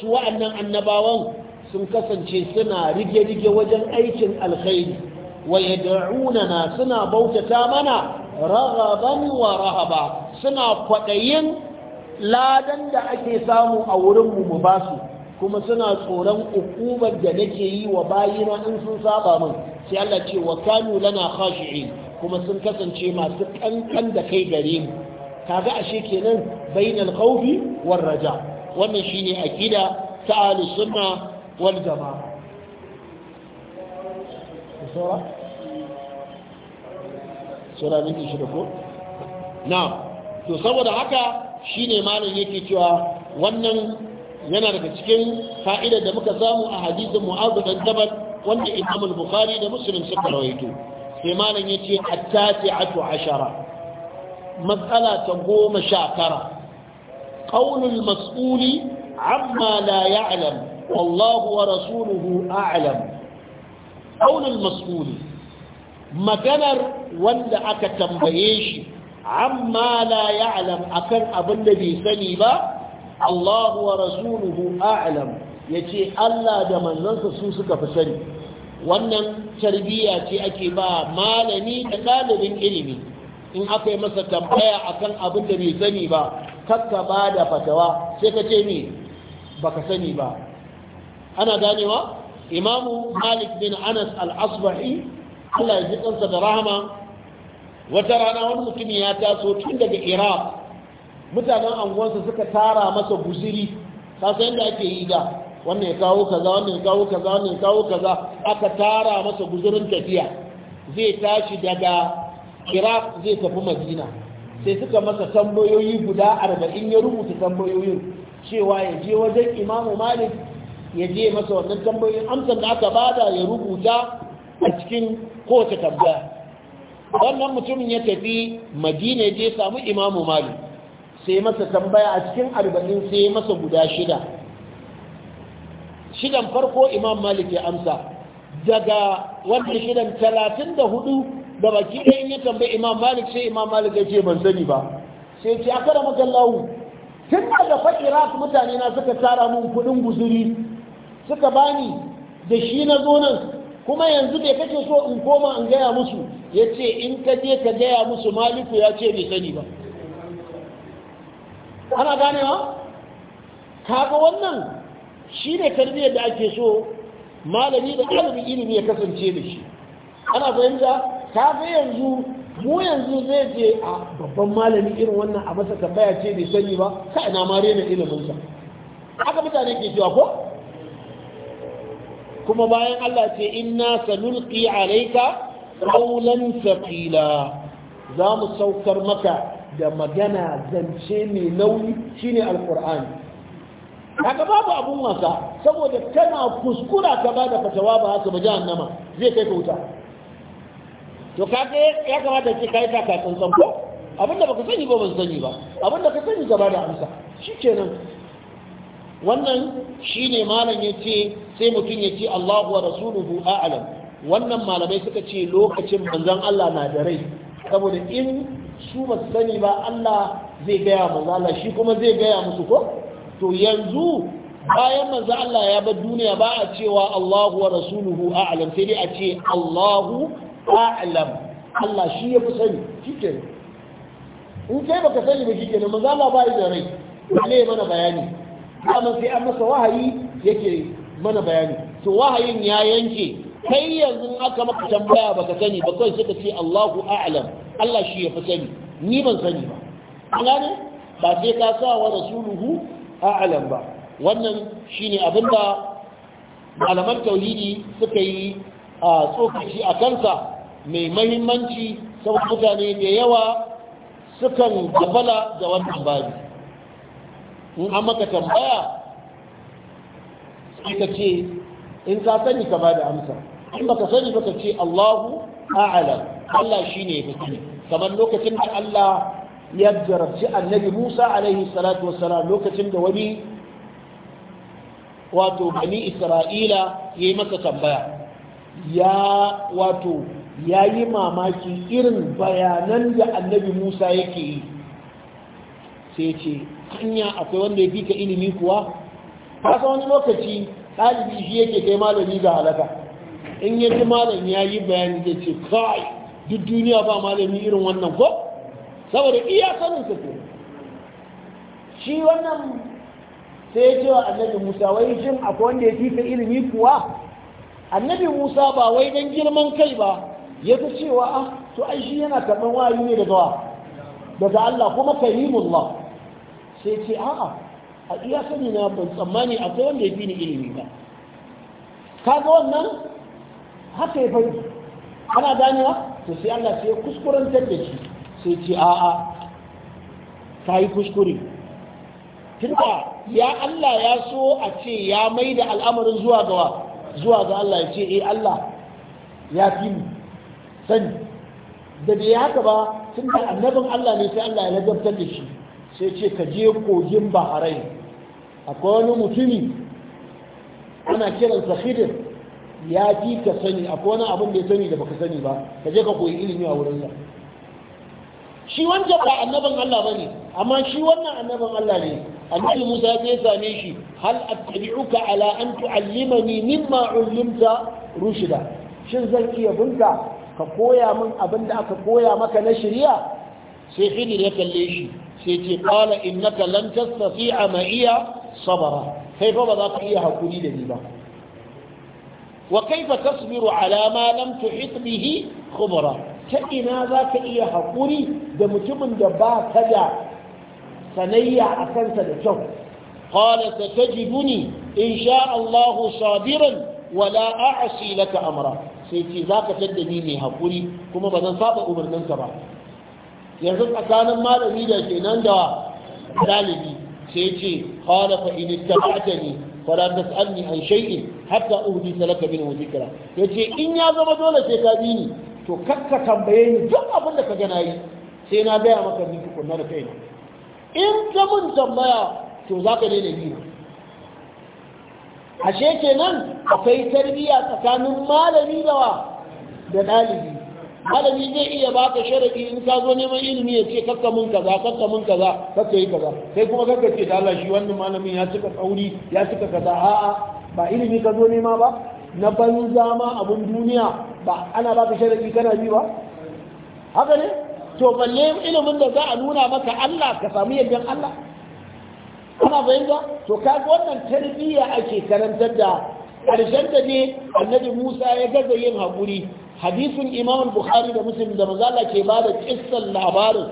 su wa'annan annabawan sun kasance suna rige-rige wajen aikin alkhairi wa yad'unana suna bautata mana raghaban wa rahaba suna kwaɗayin ladan da ake samu a wurinmu mu mu basu kuma suna tsoron ukubar da nake yi wa bayina in sun saba min sai Allah ce wa kanu lana khashi'in kuma sun kasance masu kankan da kai gare mu kaga ashe kenan bainal khawfi war raja wannan shine akida ta ahlus sunna wal jamaa sura na to saboda haka shine malam yake cewa wannan yana daga cikin fa'idar da muka samu a hadisin mu'azu dan jabal wanda imamul al-bukhari da muslim suka rawaito sai malam a at ato ashara matsala ta goma sha tara qaulul mas'uli amma la ya'lam wallahu wa rasuluhu a'lam qaulul mas'uli maganar wanda aka tambaye shi amma la ya'lam akan abin da bai sani ba Allahu wa rasuluhu a'lam yace Allah da manzansa su suka fi sani wannan tarbiyya ce ake ba malami da dalibin ilimi in aka yi masa tambaya akan abin da bai sani ba kakka ba da fatawa sai ka ce me baka sani ba ana ganewa imamu malik bin anas al-asbahi allah ya ji kansa da rahama wata rana wani mutum ya taso tun daga iraq mutanen anguwansa suka tara masa guziri kasan da ake yi da wannan ya kawo kaza wannan ya kawo kaza wannan ya kawo kaza aka tara masa guzurin tafiya zai tashi daga iraq zai tafi madina sai suka masa tambayoyi guda arba'in ya rubuta tambayoyin cewa ya je wajen imamu malik ya je masa wannan tambayoyin amsar da aka bada ya rubuta a cikin kowace tambaya wannan mutumin ya tafi madina ya je samu imamu malik sai masa tambaya a cikin arba'in sai masa guda shida shidan farko imam malik ya amsa daga wannan shidan talatin da hudu da baki in ya tambayi imam malik sai imam malik ya ce ban sani ba sai ce aka da makallahu tun daga fa iraq mutane na suka tara mun kuɗin guzuri suka bani da shi na zo nan kuma yanzu bai kake so in koma in gaya musu ya ce in ka je ka gaya musu maliku ya ce bai sani ba ana Ka ga wannan shi ne tarbiyyar da ake so malami da ilimi ya kasance da shi ana fahimta ka ga yanzu mu yanzu zai je a babban malami irin wannan a masa tambaya ce bai sani ba ka ina ma rena ilimin sa aka mutane ke cewa ko kuma bayan Allah ce inna sanulqi alayka qawlan thaqila za mu saukar maka da magana zance mai nauyi shine alqur'ani haka babu abun wasa saboda kana kuskura ka bada fatawa ba haka ba jahannama zai kai ka wuta to kaga ya kamata ce kai ka ka san ko abinda baka sani ba ban sani ba abinda ka sani gaba da amsa shikenan wannan shine malam yace sai mutum yace Allahu wa rasuluhu a'lam wannan malamai suka ce lokacin manzon Allah na da rai saboda in su ba sani ba Allah zai gaya manzo Allah shi kuma zai gaya musu ko to yanzu bayan manzo Allah ya bar duniya ba a cewa Allahu wa rasuluhu a'lam sai dai a ce Allahu a'lam Allah shi ya fi sani shikenan in kai baka sani ba shikenan manzo Allah ba da rai ne mana bayani amma sai an masa wahayi yake mana bayani to wahayin ya yanke kai yanzu aka maka tambaya baka sani ba kai suka ce Allahu a'lam Allah shi ya fi sani ni ban sani ba an gane ba sai ka sa wa rasuluhu a'lam ba wannan shine abinda malaman tauhidi suka yi a tsokaci a kansa mai mahimmanci saboda mutane da yawa sukan gabala da wannan bari in an maka tambaya sai ka ce in ka sani ka ba da amsa in baka sani ba ka ce Allahu a'ala Allah shi ne ya fi kamar lokacin da Allah ya jarabci annabi Musa alaihi salatu wassalam lokacin da wani wato bani Isra'ila ya yi masa tambaya ya wato ya yi mamaki irin bayanan da annabi musa yake yi sai ce hanya akwai wanda ya fi ka ilimi kuwa kasa wani lokaci ɗalibi shi yake kai malami ga halaka in yi ji malam ya yi bayani da ce kai duk duniya ba malami irin wannan ko saboda iya sanin su ko shi wannan sai ya ce wa annabi musa wai shin akwai wanda ya fi ka ilimi kuwa annabi musa ba wai don girman kai ba ya ga cewa ah to ai shi yana karɓar wahayi ne daga wa daga Allah kuma karimullah sai ce a'a a iya sani na ban tsammani a kai wanda ya fi ni ilimi ba kaga wannan haka ya fari ana ganewa to sai Allah sai kuskurantar da shi sai ce a'a ka yi kuskure tunda ya Allah ya so a ce ya mai da al'amarin zuwa ga zuwa ga Allah ya ce eh Allah ya fi mu sani da bai haka ba tun da annabin Allah ne sai Allah ya lagabtar da shi sai ce ka je kogin Bahrain akwai wani mutumi ana kiransa Khidir ya ji ka sani akwai wani abin da ya sani da baka sani ba ka je ka koyi ilimi a wurinsa shi wancan ba annabin Allah bane amma shi wannan annabin Allah ne annabi Musa ya same shi hal attabi'uka ala an tu'allimani mimma 'allimta rushda shin zan iya bunka ka koya min abin da aka koya maka na shirya sai khidir ya kalle shi sai ce qala innaka lan a ma'iya sabara kai fa ba za ka iya hakuri da ni ba wa kaifa tasbiru ala ma lam tuhit bihi khubra ta ina za ka iya hakuri da mutumin da ba ka da sanayya a kansa da kyau قال ستجدني إن شاء الله صابرا ولا أعصي لك amara. sai ce za ka tadda ni mai haƙuri kuma ba zan saba umarninsa ba yanzu tsakanin malami da ke nan da ɗalibi sai ce kawai fa in ittaba'ta ni fala tas'alni an shay'in hatta uhdi salaka min Ya ce in ya zama dole sai ka bi ni to kakka tambaye ni duk abin da ka gana yi. sai na gaya maka ni tukunna da kaina in ta mun tambaya to zaka daina bi ni ashe kenan akwai tarbiyya tsakanin malami da wa da ɗalibi malami zai iya baka sharadi in ka zo neman ilimi ya ce kakka mun kaza kakka mun kaza kakka yi kaza sai kuma kakka ce da Allah shi wannan malamin ya cika tsauri ya cika kaza a'a ba ilimi ka zo nema ba na banza ma abun duniya ba ana baka sharadi kana bi ba haka ne to balle ilimin da za a nuna maka Allah ka samu yaddan Allah ana fahimta to kaga wannan tarbiyya ake karantar da ƙarshen da ne annabi Musa ya gaza yin haƙuri hadisin Imam Bukhari da Muslim da mazala ke ba da kissan labarin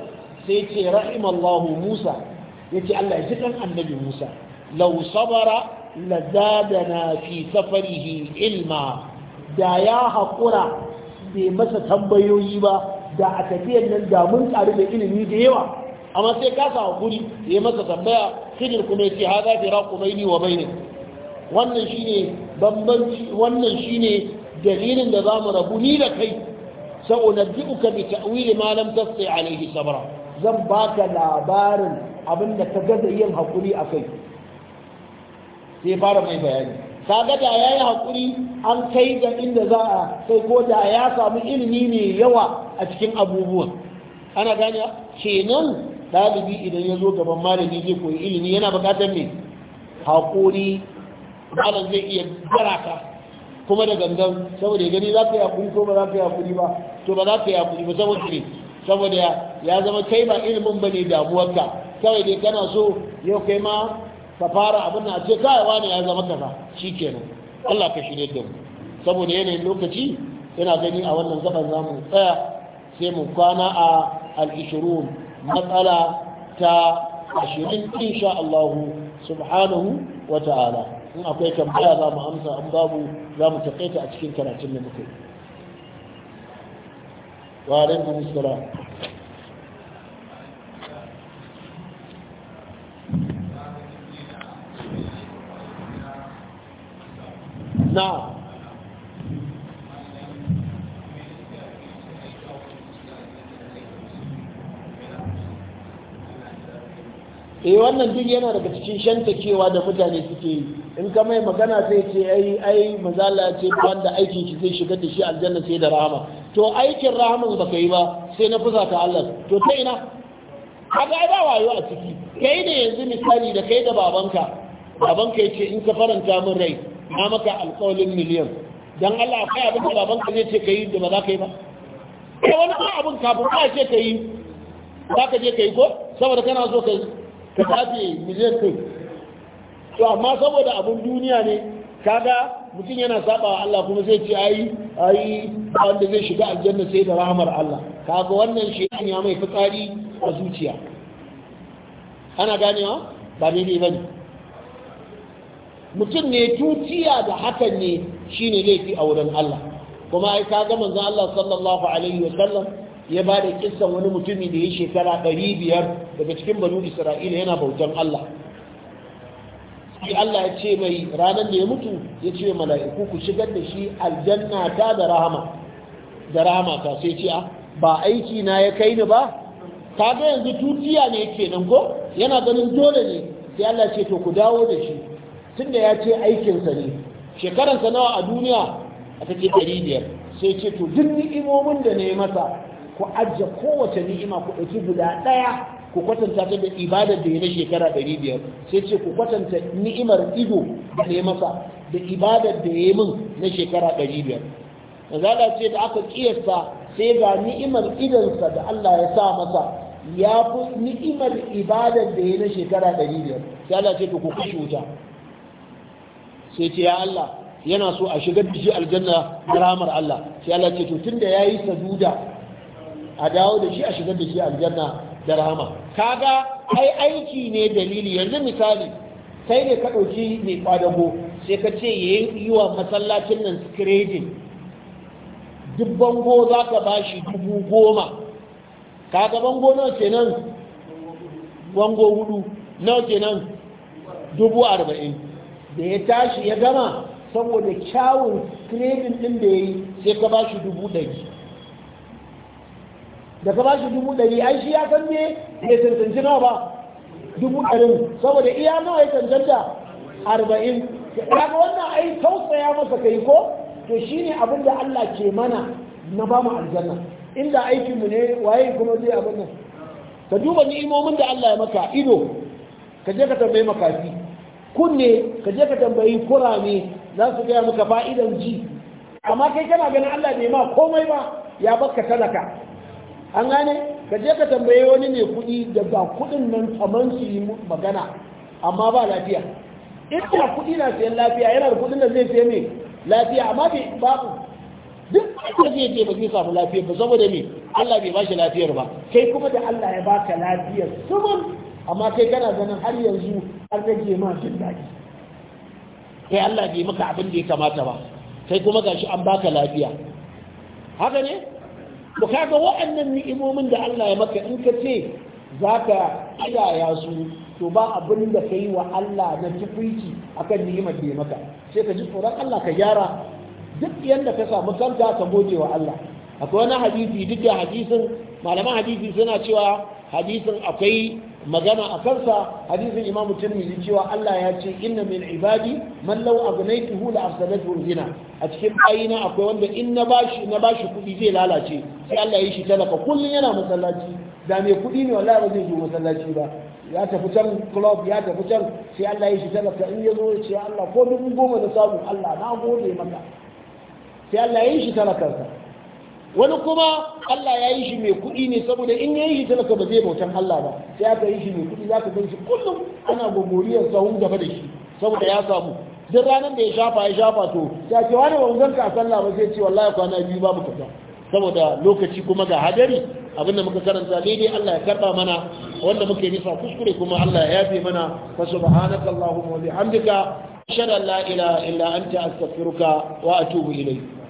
sai ce rahimallahu Musa yace Allah ya ji dan annabi Musa law sabara lazadana fi safarihi ilma da ya haƙura bai masa tambayoyi ba da a tafiyar nan da mun ƙaru da ilimi da yawa amma sai ka samu guri ya masa tambaya khidir kuma fi hada firaqu baini wa ne. wannan shine bambanci wannan ne dalilin da zamu rabu ni da kai sa'unabbi'uka bi ta'wili ma lam tasti alayhi sabra zan baka labarin abin da ka gaza yin hakuri kai. sai fara mai bayani kaga da yayi hakuri an kai ga inda za a sai ko da ya samu ilimi ne yawa a cikin abubuwan ana gane kenan ɗalibi idan ya zo gaban malami zai koyi ilimi yana bukatar ne haƙuri malam zai iya garaka kuma da gangan saboda gani za ka yi haƙuri ko ba za ka yi haƙuri ba to ba za ka yi haƙuri ba saboda ne saboda ya zama kai ba ilimin ba ne damuwarka kawai dai kana so yau kai ma ka fara abin a ce kawai ne ya zama kaza kenan Allah ka shirye da mu saboda yanayin lokaci yana gani a wannan gaban zamu tsaya sai mu kwana a al-ishrun matsala ta ashirin insha Allahu, subhanahu wa ta'ala in akwai tambaya za mu amsa an babu za mu takaita a cikin karatun da muke wa alaikum na'am E, wannan duk yana daga cikin shantakewa da mutane suke yi in ka mai magana sai ce ai ai mazala ce wanda aikin shi zai shiga da shi aljanna sai da rahama to aikin rahaman ba ka yi ba sai na fusa ta Allah to ta ina kaga ai ba wayo a ciki kai ne yanzu misali da kai da babanka babanka yace in ka faranta min rai na maka alƙawalin miliyan dan Allah akwai abin da babanka zai ce kai da ba za ka yi ba kai wani abin kafin ka ce kai za ka je kai ko saboda kana so kai ta zafi miliyan ɗin to amma saboda abin duniya ne kaga mutum yana saba wa Allah kuma zai ce ayi ayi wanda zai shiga aljanna sai da rahmar Allah kaga wannan shekan ya mai fitsari a zuciya ana ganewa ba daidai bane mutum ne tutiya da hakan ne shine laifi a wurin Allah kuma ai kaga manzon Allah sallallahu alaihi sallam. ya ba da kisan wani mutumi da ya shekara ɗari biyar daga cikin banu isra'ila yana bautan allah sai allah ya ce mai ranar da ya mutu ya ce mala'iku ku shigar da shi aljanna ta da rahama da rahama ta sai ce a ah, ba aiki na ya kai ni ba Ta ga yanzu tutiya ne kenan ko yana ganin dole ne sai allah ce to ku dawo da shi tunda ya ce aikinsa ne shekaransa nawa a duniya a take ɗari biyar sai ce to duk ni'imomin da na yi masa ku ajiye kowace ni'ima ku ɗauki guda ɗaya ku kwatanta ta da ibadar da ya na shekara ɗari biyar sai ce ku kwatanta ni'imar ido da ya masa da ibadar da ya min na shekara ɗari biyar manzala ce da aka kiyasta sai ga ni'imar idonsa da Allah ya sa masa ya fi ni'imar ibadar da ya na shekara ɗari biyar sai Allah ce to ku kashe wuta sai ce ya Allah yana so a shigar da shi aljanna da ramar Allah sai Allah ce to tunda yayi saduda a dawo da shi a shigar da shi aljanna da rahama kaga ai aiki ne dalili yanzu misali sai ne ka ɗauki mai kwadago sai ka ce ya yi wa masallacin nan skredin duk bango za ka ba dubu goma kaga bango nawa kenan bango hudu nawa kenan dubu arba'in da ya tashi ya gama saboda kyawun skredin ɗin da ya yi sai ka bashi dubu ɗari da ka shi dubu ɗari ai shi ya san me bai tantance nawa ba dubu ɗarin saboda iya nawa ya tantanta arba'in kaga wannan ai tausaya masa kai ko to shine abin da Allah ke mana na ba mu aljanna inda aikin mu ne waye kuma zai abin nan ka duba ni'imomin da Allah ya maka ido ka je ka tambayi makafi kunne ka je ka tambayi kurame za su gaya maka fa'idan ji amma kai kana ganin Allah bai ma komai ba ya baka talaka an gane ka je ka tambaye wani ne kuɗi da ba kuɗin nan kaman su yi magana amma ba lafiya in ba kuɗi na sayan lafiya yana da kuɗin da zai saye ne lafiya amma bai babu duk da zai je ba zai samu lafiya ba saboda me Allah bai bashi lafiyar ba kai kuma da Allah ya baka lafiyar saman amma kai kana ganin har yanzu an rage ma jin daɗi kai Allah bai maka abin da ya kamata ba kai kuma gashi an baka lafiya haka ne ka ga wa'annan ni'imomin da Allah ya maka in ka ce za ka kiyaya su to ba abin da ka yi wa Allah na tufici akan ni'imar da ya maka sai ka ji tsoron Allah ka gyara duk yanda ka samu kanta ka goge wa Allah akwai wani hadisi duk da hadisin malaman hadisi suna cewa hadisin akwai magana a kansa hadisin imam tirmidhi cewa Allah ya ce inna min ibadi man law aghnaytuhu la afsadathu zina a cikin bayina akwai wanda in na bashi na bashi kudi zai lalace sai Allah ya shi talaka kullun yana masallaci da me kudi ne wallahi ba zai zo masallaci ba ya tafi can club ya tafi can sai Allah ya shi talaka in ya zo ya ce Allah ko dubu goma da samu Allah na gode maka sai Allah ya shi talakarsa wani kuma Allah ya yi shi mai kuɗi ne saboda in ya yi shi talaka ba zai bautan Allah ba sai aka yi shi mai kuɗi za ka gan shi kullum ana gogoriyar sahun gaba da shi saboda ya samu duk ranar da ya shafa ya shafa to ta ce wani ba ka sallah ba zai ce wallahi kwana biyu babu kaza saboda lokaci kuma ga hadari abinda muka karanta daidai Allah ya karba mana wanda muke nisa kuskure kuma Allah ya yafe mana fa subhanaka allahumma wa bihamdika ashhadu an la ilaha illa anta astaghfiruka wa atubu ilayk